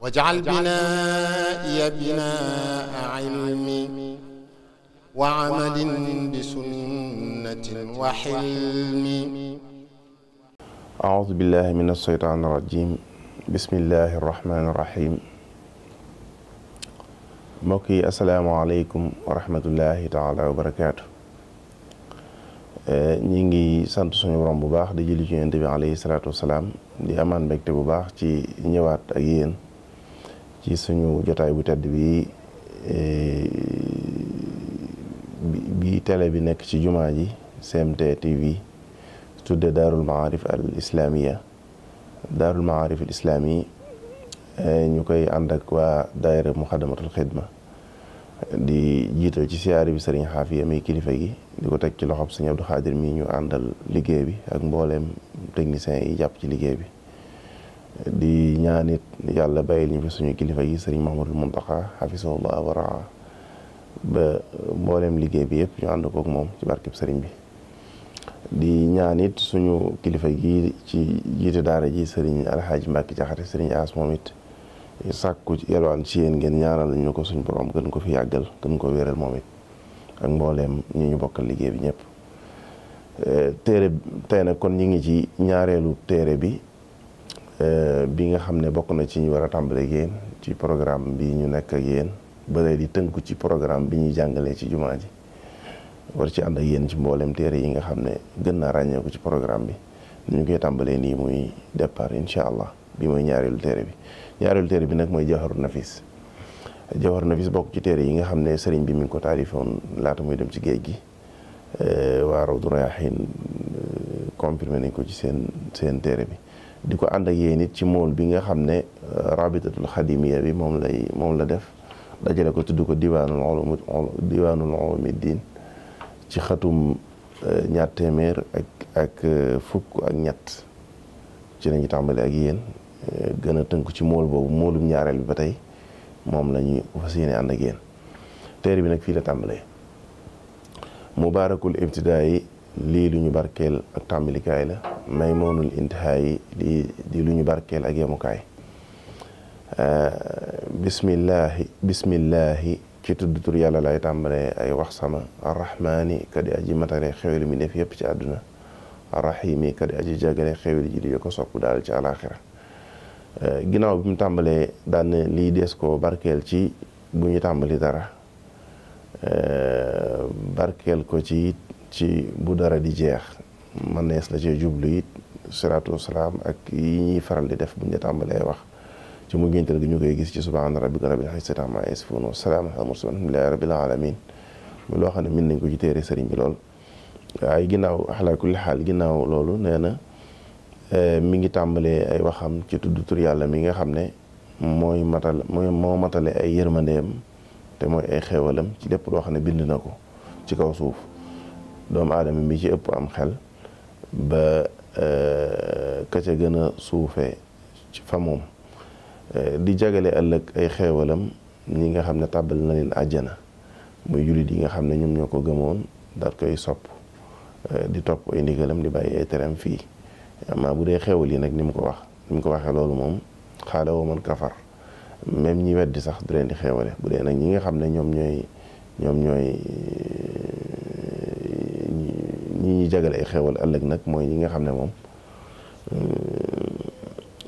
واجعل بنائي بناء علم وعمل بسنة وحلم أعوذ بالله من الشيطان الرجيم بسم الله الرحمن الرحيم mbokk yi asalaamaaleykum wa rahmatullahi taala wa barakaatu eh, ñi ngi sant suñu borom bu baax di jëli ci yonent bi alayhi salaatu wasalaam di amaan mbégte bu baax ci ñëwaat ak yéen ci suñu jotaay bu tedd e, bi bi télé bi nekk ci jumaa ji CMT TV tudde daarul maarif al islaamiya daarul maarif al islaami e, ñu koy ànd ak waa daayira muxadamatul xidma di jiital ci siyaare bi sëriñ xaafiya mi kilifa gi di ko teg ci loxob sëñ Abdou Xaadir mi ñu àndal liggéey bi ak mbooleem technicien yi jàpp ci liggéey bi di ñaanit yàlla bàyyil ñu fi suñu kilifa gi sëriñ Mahmadul Muntaxa xafisahullah wa raa ba mboolem liggéey bi yëpp ñu ànd kook moom ci barkeb sëriñ bi di ñaanit suñu kilifa gi ci jiite daara ji sëriñ alxaaji Mbàkke Jaxate sëriñ Aas moom sàkku yelwaan ci yéen ngeen ñaanal ñu ko suñ borom gën ko fi yàggal gën ko wéral moom ak mbooleem ñi ñu bokkal liggéey bi ñëpp eh, téere tey kon ñu ngi ci ñaareelu téere bi Euh, bi nga xam ne bokk na ci ñu war a tàmbale ak ci programme bi ñu nekk ak yéen bëre di tënku ci programme bi ñuy jàngalee ci jumaa ji war ci ànd ak yéen ci mboolem téere yi nga xam ne gën naa ràññeeku ci programme bi ni ñu koy tàmbalee nii muy départ incha allah bi mooy ñaareelu téere bi ñaareelu téere bi nag mooy Jawharu Nafis Jawharu Nafis bokk ci téere yi nga xam ne sëriñ bi mu ngi ko taarifoon laata muy dem ci géej gi euh, waa Rawdu Rayaahiin euh, confirmé nañ ko ci seen seen téere bi di ko ànd ak yéen it ci mool bi nga xam ne euh, rabitatul xadimiya bi moom lay moom la def dajale ko tudd ko diwaanul ulum diwaanul ulumi diin ci xatum euh, ñaar téeméer ak ak euh, fukk ak ñett ci lañu tàmbali ak yéen gën a tënk ci mool boobu moolum ñaareel bi ba tey moom la ñuy ànd ak yéen téere bi nag fii la tàmbalee mubaarakul ibtidaa yi lii lu ñu barkeel ak tàmbalikaay la Maymuunul Intihaa yi di di lu ñu barkeel ak yemukaay eh, bismillahi bismillahi ci tudd tur yàlla lay tàmbalee ay wax sama arrahmaani kadi aji matale xewel mi def yëpp ci àdduna arrahimi kadi aji jagale xewel ji di yo sopp daal ci àlaxira eh, ginnaaw bi mu tàmbalee daan lii dees ko barkeel ci bu ñu tàmbali dara eh, barkeel ko ci ci bu dara di jeex mënees na cee jublu it salaatu salaam ak yi ñuy faral di def buñ la tàmbalee wax ci mu géntal gi ñu koy gis ci subhaana rabbika rabbil izzati amma yasifuun wa salaamun alal mursaliin alhamdulillahi rabbil alamin mu loo xam ne min nañ ko ci téere sëriñ lool waaye ginnaaw ala kulli xaal ginnaaw loolu nee na eh, mi ngi tàmbalee ay waxam ci tudd tur yàlla mi nga xam ne mooy matal mooy moo matale ay yërmandeem te mooy ay xeewalam ci lépp loo xam ne bind na ko ci kaw suuf doomu aadama bi ci ëpp am xel ba eh, ka ca gën a suufee ci fa moom eh, di jagale ëllëg ay xeewalam ñi nga xam ne tàbbal na leen àjjana muy jullit yi nga xam ne ñoom ñoo ko gëmoon daal koy sopp eh, di topp ay ndigalam di bàyyi ay teram fii amaa bu dee xewal yi nag ni mu ko wax ni mu ko waxee loolu moom xaala woo man kafar même ñi weddi sax du leen di xewale bu dee nag ñi nga xam ne ñoom ñooy ñoom ñooy ñi ñuy jagal ay xewal ëllëg nag mooy ñi nga xam ne moom euh,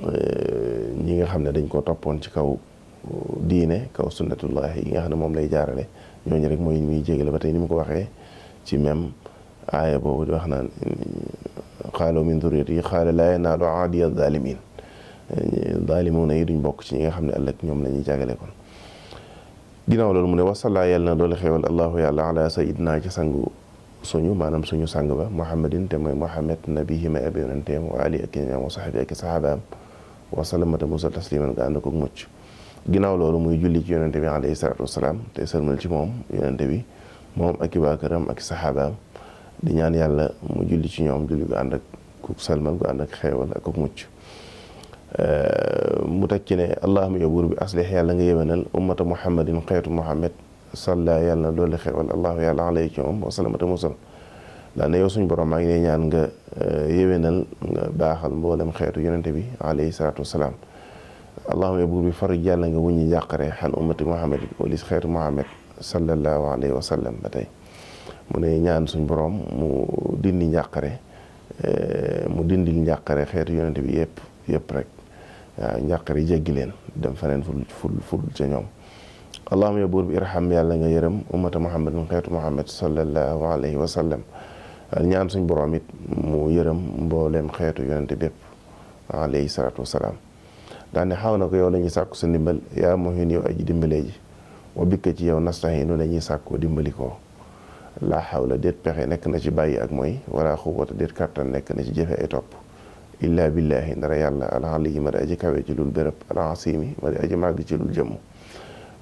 euh, ñi nga xam ne dañ ko toppoon ci kaw diine kaw sunnatullahi yi nga xam ne moom lay jaarale ñooñu rek mooy muy jégale ba tey ni mu ko waxee ci même aaya boobu di wax naan xaaloo min duriyati yi xaala laa yanaalu aadiya zaalimin zaalimuuna yi duñ bokk ci ñi nga xam ne ëllëg ñoom la ñuy jagale kon ginnaaw mu ne wasalla yàlla na doole xewal allahu yàlla ala sayidina ci sangu suñu maanaam suñu sàng ba muhammadin te mooy muhammad nabihi may ab yonenteem wa ali ak ñaam wa saxabi ak saxaabaam wa salamata musa tasliman nga ànd ko mucc ginnaaw loolu muy julli ci yonente bi alayhi salaatu wasalaam ci moom yonente bi ak i waa këram mu julli ci ñoom julli gu ànd ak ku sërmal gu ànd ak xeewal ak ak mucc mu teg ne allahuma ya bi aslih yàlla nga yéwénal ummata muhammadin xeetu muhammad sol salla yàlla doole xewal allahu yàlla alay ci moom wa salamata musal daane yow suñu borom maa ngi lay ñaan nga euh, yéwénal nga baaxal mboolem xeetu yonente bi alayhi salaatu wasalaam allahuma buur bi faru yàlla nga wuññi njàqare xan ummati muhammad walis xeetu muhammad sallallahu alayhi wa sallam ba tey mu ne ñaan suñ borom mu dindi njàqare euh, mu dindil njàqare xeetu yonente bi yëpp yëpp rek waaw njàqare jéggi leen dem feneen ful ful ful ca ñoom allahuma ya buur bi irham yàlla nga yërëm ummata muhammad mu xeetu muhammad sallallahu alayhi wa sallam ñaan suñ borom it mu yërëm mbooleem xeetu yonente bépp alayhi salaatu wasalaam daane xaw na ko yow lañuy sàkk sàkku sa ndimbal yaa muhin yow aji dimbalee ji wa bikka ci yow nastahinu la ñuy sàkkoo dimbalikoo laa xaw xawla déet pexe nekk na ci bàyyi ak mooy wala xuwata déet kàttan nekk na ci jëfe ay topp illaa billahi ndara yàlla alxaliyi ma di aji kawe ci lul bérëb alxasimi ma di aji màgg ci lul jëmm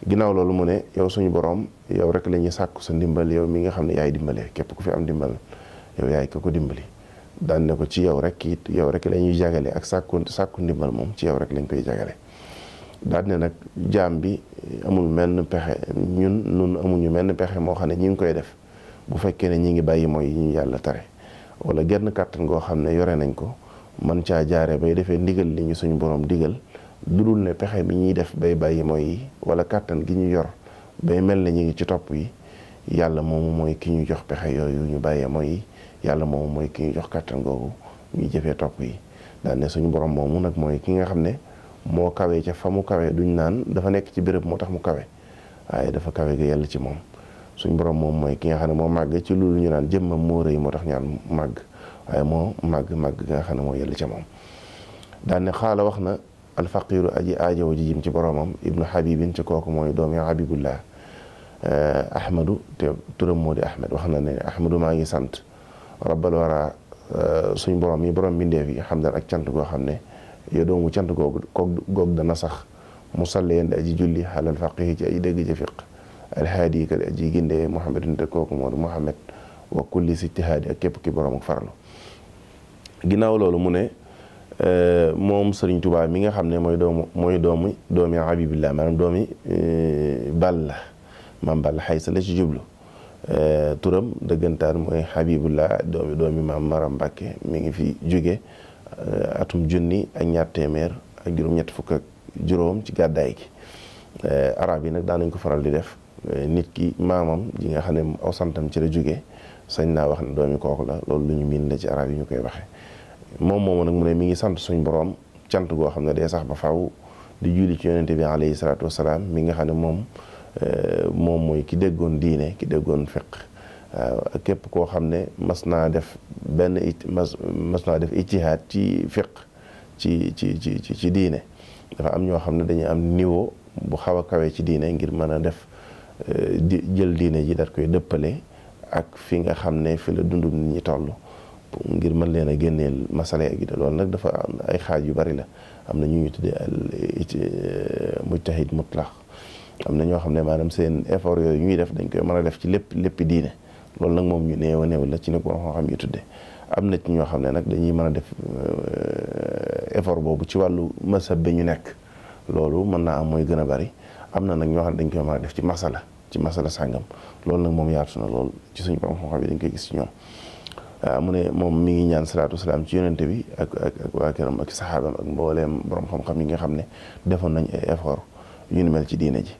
ginnaaw loolu mu ne yow suñu borom yow rek la ñuy sàkku sa ndimbal yow mi nga xam ne yaay dimbalee képp ku fi am ndimbal yow yaay ka ko dimbali daan ne ko ci yow rek it yow rek la ñuy jagale ak sàkku sàkku ndimbal moom ci yow rek lañ koy jagale daan ne nag jaam bi amul menn pexe ñun nun amuñu menn pexe moo xam ne ñu ngi koy def bu fekkee ne ñi ngi bàyyi mooy ñu yàlla tare wala genn kàttan goo xam ne yore nañ ko man caa jaare bay defee ndigal li ñu suñu borom digal du dul ne pexe bi ñuy def bay bàyyi mooy yi wala kàttan gi ñu yor bay mel na ñu ngi ci topp yi yàlla moomu mooy ki ñu jox pexe yooyu ñu bàyyee mooy yàlla moomu mooy ki jox kàttan ñu jëfee topp yi daan ne suñu borom moomu nag mooy ki nga xam ne moo kawee ca fa mu kawe duñ naan dafa nekk ci béréb moo tax mu kawe waaye dafa kawe ga yàlla ci moom suñu borom moom mooy ki nga xam ne moo màgg ci lu ñu naan jëmmam moo rëy moo tax ñaan màgg waaye moo màgg màgg nga xam ne moo yàlla ca moom daan ne wax na alfaqiru aji aajowo ji jëm ci boroomam ibnu habibin ci kooku mooy doomi habibullah eh, ahmadu te turam moo di ahmad wax na ne ahmadu maa ngi sant rabbal wara eh, suñ borom yi borom bindeef yi xam dan ak cant goo xam ne yo doomu cant goog dana sax musalliyan di aji julli xalal faqihi ci aji dégg ci fiq alhaadi ka aji gindee muhammadun te kooku moo di muhammad wa kulli si tihaadi ak képp ki borom ak farlu loolu mu ne Euh, moom Serigne tubaab mi nga xam ne mooy doomu mooy doomu doomi Habibillah maanaam doomi Balla euh, bal la Xaysa la ci jublu euh, turam dëggantaan mooy Habibullah doomi doomi maam Maram Mbàkke mi ngi fi jóge atum junni ak ñaar téeméer ak juróom-ñett fukk ak juróom ci gàddaay gi arab yi nag daan nañ ko faral di def nit ki maamam ji nga xam ne aw santam ci la jóge sañ naa wax ne doomi kooku la loolu lu ñu miin la ci arab yi ñu koy waxe moom moomu nag mu ne mi ngi sant suñu boroom cant goo xam ne day sax ba faw di julli ci yonente bi alayhi salaatu wasalaam mi nga xam ne moom euh, moom mooy ki déggoon diine ki déggoon fiq waaw euh, képp koo xam ne mas naa def benn it mas mas naa def ijtihaad ci fiq ci ci ci ci diine dafa am ñoo xam ne dañuy am niveau bu xaw a kawee ci diine ngir mën a def euh, di jël diine ji daat koy dëppale ak fi nga xam ne fi la dundum nit ñi toll ngir mën leen a génneel masala ak yi loolu nag dafa am ay xaaj yu bari la am na ñu ñu tuddee al e, mujtahid mutlaq am na ñoo xam ne maanaam seen effort yooyu ñuy def dañ koy mën a def ci lépp léppi diine loolu nag moom ñu néew a néew la ci ne ko xam xam yu tuddee am na ci ñoo xam ne nag dañuy mën a def euh, effort boobu ci wàllu masab bi ñu nekk loolu mën naa am mooy gën a bari am na nag ñoo xam ne dañ koy mën a def ci masala ci masala sàngam loolu nag moom yaatu na lool ci suñu borom xam-xam yi dañ koy gis ci ñoom Euh, mu ne moom mi ngi ñaan salaatu salaam ci yonente bi ak ak ak waa ak saxaabam ak mbooleem borom xam-xam yi nga xam ne defoon nañ ay effort yu ni mel ci diine ji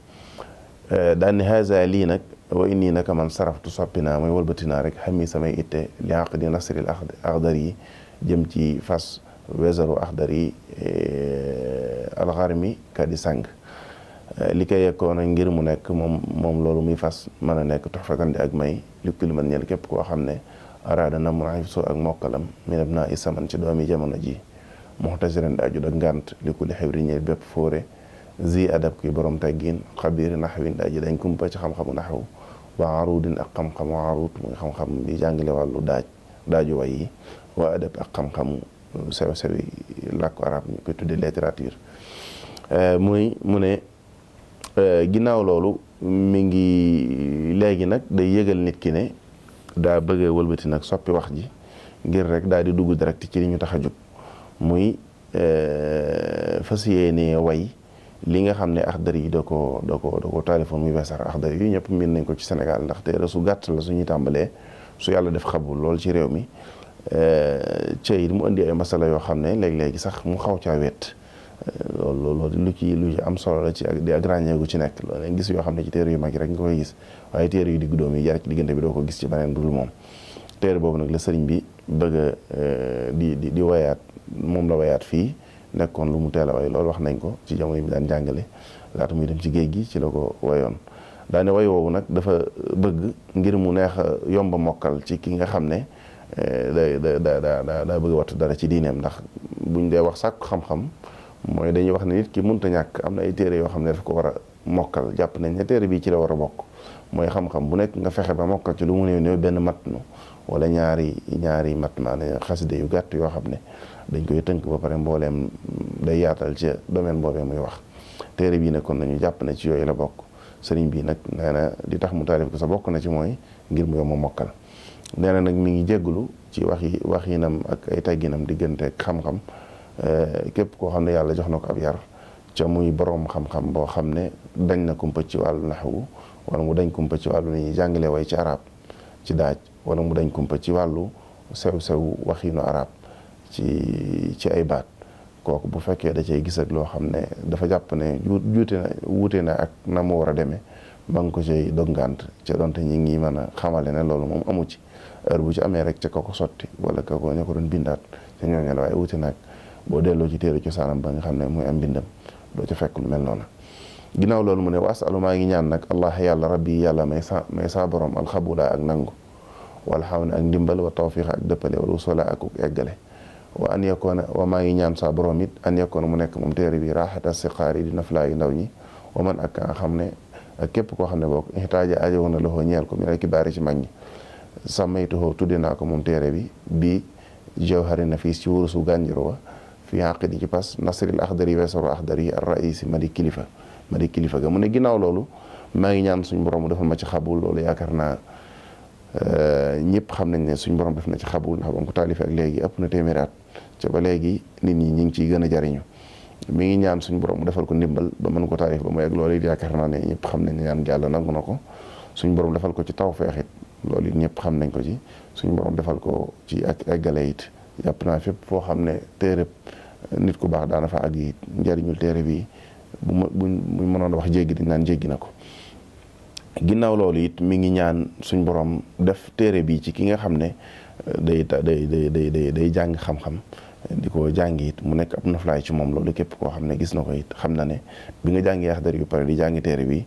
euh, daan ni lii nag wa inni naka man saraftu soppi naa mooy walbati naa rek xam yi samay itte li àq di nasril axdar yi jëm ci fas weesaru axdar yi euh, alxar mi ka di sàng li koy yekkoon ngir mu nekk moom moom loolu muy fas mën a nekk tox fatandi ak may li kiliman ñel képp koo xam ne araada na mu soo ak mokkalam min ab i isaman ci doomi jamono ji muxtasiran di aju ak ngànt li ku li xewri ñeel bépp fóore zi adab kuy borom teggin xabiir naxwin di dañ kumpa ci xam-xamu naxw wa arudin ak xam-xamu arud muy xam wàllu daaj daaju wa adab ak xam-xamu sew-sewi koy tuddee littérature eh, muy mu ne eh, ginnaaw loolu mi ngi léegi nag day yëgal nit ki ne daa bëggee wëlbati nag soppi wax ji ngir rek daal di dugg direct ci li ñu tax a jóg muy euh, fas yéenee way li nga xam ne Axdar yi da ko da ko da ko taalifoon muy Weesar Axdar yi ñëpp miin nañ ko ci Sénégal ndax téere su gàtt la suñuy tàmbalee su yàlla def xabu lool ci réew mi euh, ci it mu indi ay masala yoo xam ne léeg-léegi sax mu xaw caa wet loolu loolu lu ci lu ci am solo la ci ak di ak ràññeeku ci nekk loolu leen gis yoo xam ne ci téere yu mag rek nga koy gis waaye téere yu diggu doom yi jar ci diggante bi doo ko gis ci beneen dul moom téere boobu nag la sëriñ bi bëgg euh, di di di wayaat moom la wayaat fii nekkoon lu mu teel a way loolu wax nañ ko ci jamono bi daan jàngale laata muy dem ci géej gi ci la ko wayoon daane way woowu nag dafa bëgg ngir mu neex a yomb a mokkal ci ki nga xam ne da daa daa bëgg wattu dara ci diineem ndax buñ dee wax sàkku xam mooy dañuy wax ne nit ki mënta ñàkk am na ay téere yoo xam ne dafa ko war a mokkal jàpp nañ ne téere bii ci la war a bokk mooy xam-xam bu nekk nga fexe ba mokkal ci lu mu néew néew benn matnu wala ñaari ñaari mat maanaam xaside yu gàtt yoo xam ne dañ koy tënk ba pare mbooleem day yaatal ci domaine boobee muy wax téere bii nag kon nañu jàpp ne ci yooyu la bokk sëriñ bii nag nee na di tax mu taalif ko sa bokk na ci mooy ngir mu yomb mokkal nee na nag mi ngi jégglu ci wax yi waxinam ak ay tegginam diggante ak xam Euh, képp koo xam ne yàlla jox na ko ab yar ca muy boroom xam-xam boo xam ne dañ na kumpa ci wàllu na naxwu wala mu dañ kumpa ci wàllu ni ñuy way ci arab ci daaj wala mu dañ kumpa ci wàllu sew-sew waxiinu arab ci ci ay baat kooku bu fekkee da cee gis ak loo xam ne dafa jàpp ne juute na wuute na ak na mu war a demee ma ngi ko cay doggaant ca donte ñi ngi mën a xamale ne loolu moom amu ci heure bu ci amee rek ca ka ko sotti wala ka ko ña ko doon bindaat ca ñooñu la waaye wuute na ak boo delloo ci téere cosaanam ba nga xam ne muy am mbindam doo ca fekk lu mel noonu ginnaaw loolu mu ne wasalu maa ngi ñaan nag allah yàlla rabbi yàlla may sa may saa borom alxabula ak nangu wal xawna ak ndimbal wa tawfiq ak dëppale wala usola ak wa an yakoona wa maa ngi ñaan saa borom it an yakoona mu nekk moom téere bi raaxata siqaar yi dina flaayu ndaw ñi wa man ak nga xam ne ak képp koo xam ne boo xitaaja ajowoon na loxo ñeel ko mi ne kibaari ci mag ñi sàmmaytuhoo tudde naa ko moom téere bi bii jawhari nafiis ci wurusu gànjaro wa fi àq di ci pas nasril axdari weesaru axdari ar raisi ma di kilifa ma di kilifa ga mu ne ginaaw loolu maa ngi ñaan suñu borom defal ma ci xabul loolu yaakaar naa euh, ñëpp xam nañ ne suñu borom def na ci xabul ndax ba ko taalifee ak léegi ëpp na téeméeri ba léegi nit ñi ñu ngi ciy gën a jariñu mi ngi ñaan suñu borom defal ko ndimbal ba mën ko taalif ba mu yegg loolu yaakaar naa ne ñëpp xam nañ ne ñaan Yàlla nangu na ko suñ borom defal ko ci tawfeex it loolu it ñëpp xam nañ ko ci suñu borom defal ko ci ak eggale jàpp naa fépp foo xam ne téere nit ku baax daana fa ak yit njariñul téere bi bu ma bu mënoon wax jéggi di naan jéggi na ko ginnaaw loolu it mi ngi ñaan suñ borom def téere bi ci ki nga xam ne uh, day day day day day jàng xam-xam di ko jàng it mu nekk ab noflaay ci moom loolu képp koo xam ne gis na ko it xam na ne bi nga jàngi Axdar yu pare di jàngi téere bi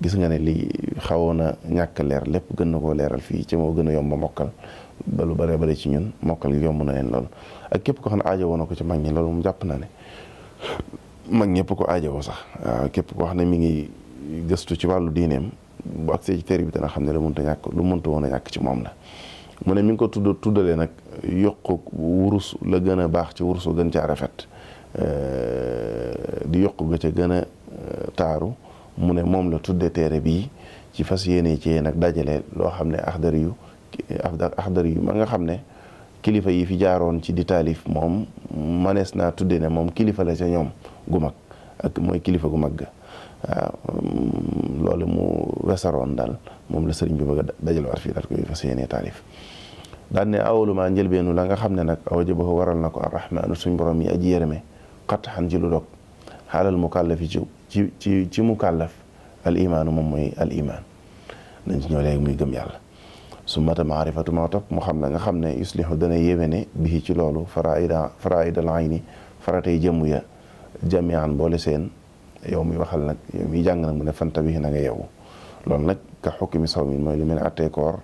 gis nga ne li xawoon a ñàkk leer lépp gën na koo leeral fii ci moo gën a yomb mokkal ba lu bare bëri ci ñun mokkal gi yomb na leen lool ak képp ko xam ne aajowoo na ko ci mag ñi loolu moom jàpp na ne mag ñëpp ko aajowoo sax waaw képp ko xam ne mi ngi gëstu ci wàllu diineem bu agsee ci téere bi dana xam ne lu mënta ñàkk lu mënta woon a ci moom la mu ne mi ngi ko tudd tuddalee nag yokku wurus la gën a baax ci wurusu gën caa rafet di yokku ga ca gën a taaru mu ne moom la tudde téere bi ci fas yéene ci yéen nag dajale loo xam ne axdar yu axdar yi ma nga xam ne kilifa yi fi jaaroon ci di taalif moom manees naa tudde ne moom kilifa la ca ñoom gu mag ak mooy kilifa gu mag waaw loolu mu wesaroon daal moom la sëriñ bi bëgg a dajalewaat fii daal koy fas yéenee taalif daan awalu maa njëlbeenu la nga xam ne nag awajabahu waral na ko arrahmaanu suñ borom yi aji yërëme xat xan ci lu dog xaalal mukallafi ci ci ci ci mukallaf al imaanu moom mooy al imaan nañ ci ñëw léegi muy gëm yàlla su mata maarifatu moo topp mu xam la nga xam ne yuslihu dana yéwéne bii ci loolu faraida faraidal ayni faratay jëmm ya jamian boole seen yow mi waxal nag yow mi jàng nag mu ne fanta bi na nga yow loolu nag ka xukki mi saw mi mooy lu mel ne attey koor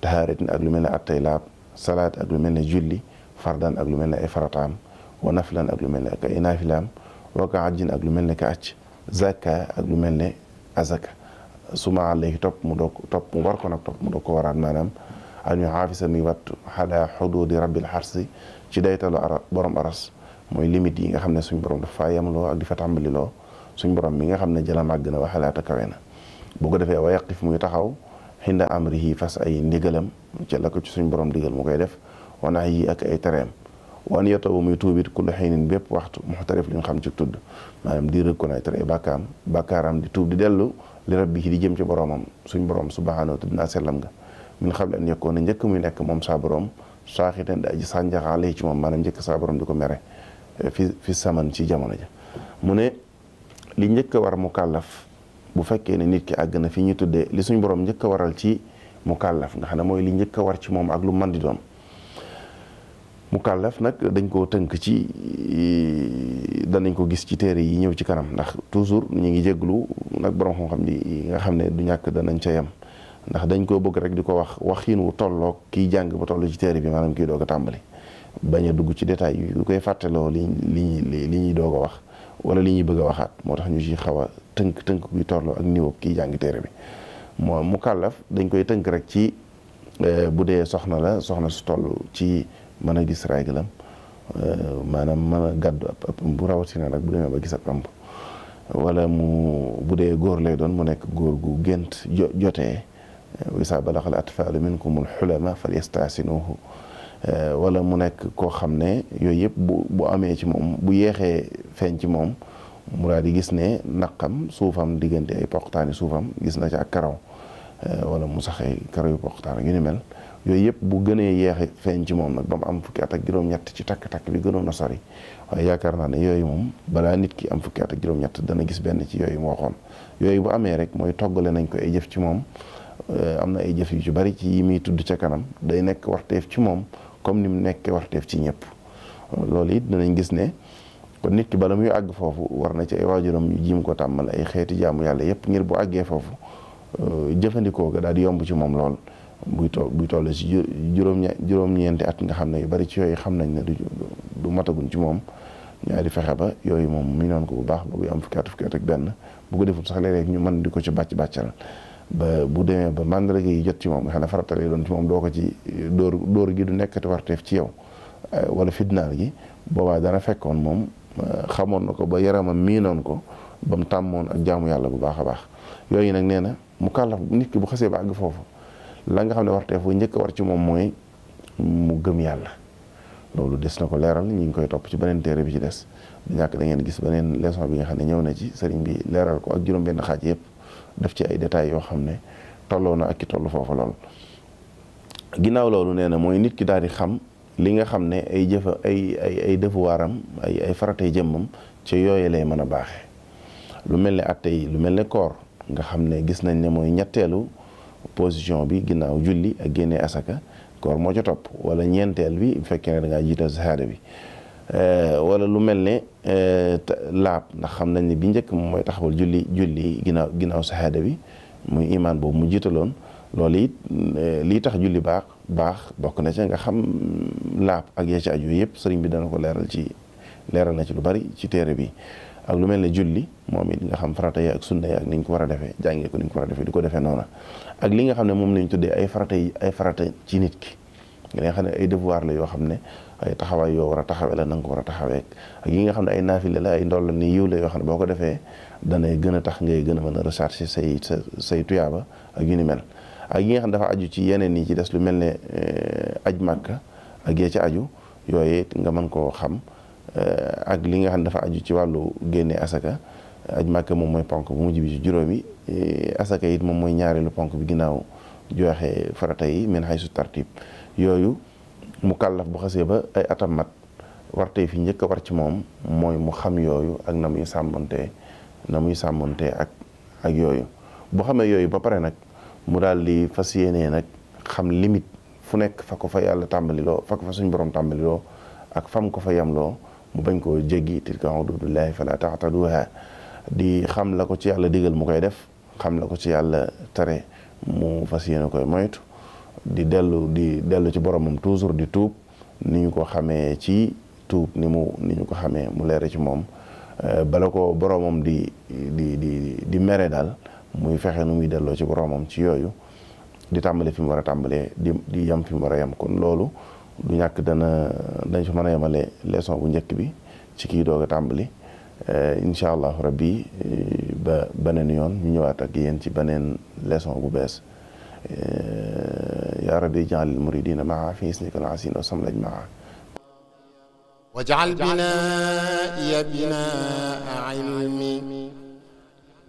tahaaratin ak lu mel ne attey laab salaat ak lu mel ne julli fardan ak lu mel ne ay farataam wa naflan ak lu mel ne ay naafilaam wa ka ajjin ak lu mel ne ka acc zakka ak lu mel ne azaka suma alayhi topp mu doog topp mu war ko nag topp mu doog ko waraat maanaam an yu xaafisa mi wat xalaa xuduudi rabbil xarsi ci daytalu ara borom aras mooy limite yi nga xam ne suñ borom dafa faa yemloo ak di fa tàmbaliloo suñ borom mi nga xam ne jëla màgg na wa xalaata kawe na bu ko defee wa yaqif muy taxaw xinda amrihi fas ay ndigalam ca la ko ci suñ borom digal mu koy def wanax yi ak ay tereem wan yotawu muy tuubit kullu xeynin bépp waxtu muxtarif li nga xam ci tudd maanaam di rëkkoon ay tere bàkkaam bàkkaaram di tuub di dellu li ci di jëm ci boroomam suñ su subhaanahu wa taala sellam nga min xam ne an yekkoon na njëkk muy nekk moom saa boroom saaxitan da aji sànjaxaale ci moom maanaam njëkk saa di ko mere eh, fi saman ci jamono ja mu ne li njëkk war mu kàllaf bu fekkee ne nit ki àgg na fi ñuy tuddee li suñ borom njëkk waral ci mu kàllaf nga xam ne mooy li njëkk war ci moom ak lu mën di doon mukallaf nag dañ koo tënk ci danañ ko gis ci téere yi ñëw ci kanam ndax toujours ñu ngi jéglu nag borom xam-xam yi nga xam ne du ñàkk danañ ca yem ndax dañ koo bëgg rek di ko wax waxin wu tolloog kiy jàng ba toll ci téere bi maanaam kiy doog a tàmbali bañ dugg ci détail yu koy fàttaloo li li li ñuy doog a wax wala li ñuy bëgg a waxaat moo tax ñu ci xaw a tënk tënk kuy tolloo ak niveau kiy jàng téere bi moo mukallaf dañ koy tënk rek ci eh, bu dee soxna la soxna su toll ci mën a gis règle am euh, maanaam mën a gàddu ab bu rawatina nag bu demee ba gis ab ëmb wala mu bu dee góor lay doon mu nekk góor gu gént jotee euh, isaa balaxal atfaalu minkumul xulama fal yastasinuhu euh, wala mu nekk koo xam ne yooyu yëpp bu bu amee ci moom bu yeexee feeñ ci moom mu daal di gis ne naqam suufam diggante ay poqtaani suufam gis na ci ak karaw wala mu saxee karaw yu poqtaan yu ni mel yooyu yëpp bu gënee yeexe feeñ ci moom nag ba mu am fukki at ak juróom-ñett ci takk-takk bi gënoon a sori waaye yaakaar naa ne yooyu moom balaa nit ki am fukki at ak juróom-ñett dana gis benn ci yooyu mu waxoon yooyu bu amee rek mooy toggale nañ ko ay jëf ci moom euh, am na ay jëf yu bari ci yi muy tudd ca kanam day nekk warteef ci moom comme ni mu nekkee warteef ci ñëpp loolu it danañ gis ne kon nit ki bala muy àgg foofu war na ci ay waajuram jiim ko tàmmal ay xeeti jaamu yàlla yëpp ngir bu àggee foofu euh, jëfandikoo ga daal di yomb ci moom lool buy too buy toll si juróom-ñe juróom-ñeenti at nga xam ne yu bari ci yooyu xam nañ ne du du matagun ci moom ñaari fexe ba yooyu moom mi noon bu baax ba buy am fukki benn bu ko deful sax léeg-léeg mën di ko ci bàcc bàccal ba bu demee ba mandarga yi jot ci moom nga xam ne farata doon ci doo ko ci dóor dóor gi du nekkati warteef ci yow eh, wala fitnaal gi boobaa dana fekkoon moom eh, xamoon na ko ba yaramam miinoon ko ba mu tàmmoon ak jaamu yàlla bu baax a baax yooyu nag nee na mu kàllaf nit ki bu xasee ba àgg foofu la nga xam ne warteef bu njëkk war ci moom mooy mu gëm yàlla loolu des na ko leeral ñu ngi koy topp ci beneen téere bi ci des du ñàkk da gis beneen leçon bi nga xam ne ñëw na ci sëriñ bi leeral ko ak juróom-benn xaaj yëpp def ci ay détails yoo xam ne tolloo na ak ki toll foofu lool. ginnaaw loolu nee na mooy nit ki daal di xam li nga xam ne ay jëfa ay ay ay defuwaaram ay ay faratay jëmmam ci yooyu lay mën a baaxe lu mel ne atte yi lu mel ne koor nga xam ne gis nañ ne mooy ñetteelu. position bi ginnaaw julli ak génnee asaka koor moo ca topp wala ñeenteel bi bu fekkee ne dangaa jiital saxaada bi eh, wala lu mel ne eh, laab ndax xam nañ ne bi njëkk moom mooy taxawal julli julli ginnaaw ginnaaw saxaada bi muy imaan boobu mu jiitaloon loolu it eh, li tax julli baax baax bokk na ca nga xam laab ak ya ci aju yëpp sëriñ bi dana ko leeral ci leeral na ci lu bari ci téere bi ak lu mel ne julli moom it nga xam farata yi ak sunna yi ak ni ñu ko war a defee jàngee ko ni ko war defee di ko defee noona ak li nga xam ne moom lañu tuddee ay farata yi ay farata ci nit ki li nga xam ne ay devoir la yoo xam ne ay taxawaay yoo war a taxawee la na nga ko war a taxawee ak nga xam ne ay naafile la ay ndoll ni yiw la yoo xam ne boo ko defee danay gën a tax ngay gën a mën a recherche say sa say tuyaaba ak yu ni mel ak yi nga xam ne dafa aju ci yeneen yi ci des lu mel ne eh, aj màkka ak yee ci aju yooyu nga mën koo xam Euh, ak li nga xam dafa aju ci wàllu génne asaka aj màkk moom mooy ponk bu mujj bi ci juróomi eh, asaka it moom mooy ñaareelu ponk bi ginnaaw joxe farata yi men xay su yooyu mu kàllaf bu xasee ba ay atam warte fi njëkk a war ci moom mooy mu xam yooyu ak na muy sàmmontee na muy sàmmontee ak ak yooyu bu xamee yooyu ba pare nag mu daal di fas yéenee nag xam limite fu nekk fa ko fa yàlla tàmbaliloo fa ko fa suñ borom tàmbaliloo ak fam ko fa yamloo mu bañ koo jéggi tilka xududullahi du taxtaduha di xam la ko ci yàlla digal mu koy def xam la ko ci yàlla tere mu fas yéene koy moytu di dellu di dellu ci boromam toujours di tuub ni ñu ko xamee ci tuub ni mu ni ñu ko xamee mu leere ci moom euh, bala ko boromam di di di di mere daal muy fexe nu muy delloo ci boromam ci yooyu di tàmbale fi mu war a tàmbalee di di yam fi war a yam kon loolu du ñàkk dana dañ fa mën a yemale leçon bu njëkk bi ci kii doog tàmbali eh, incha allah rabbi eh, ba beneen yoon ñu ñëwaat ak yéen ci beneen leçon bu bees eh, yaa rabbi jaalil muridina maa fi isnikal asin wa samlaj maa wajal binaa'iya binaa'a ilmi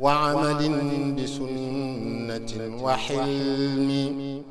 wa amalin bi sunnatin wa hilmi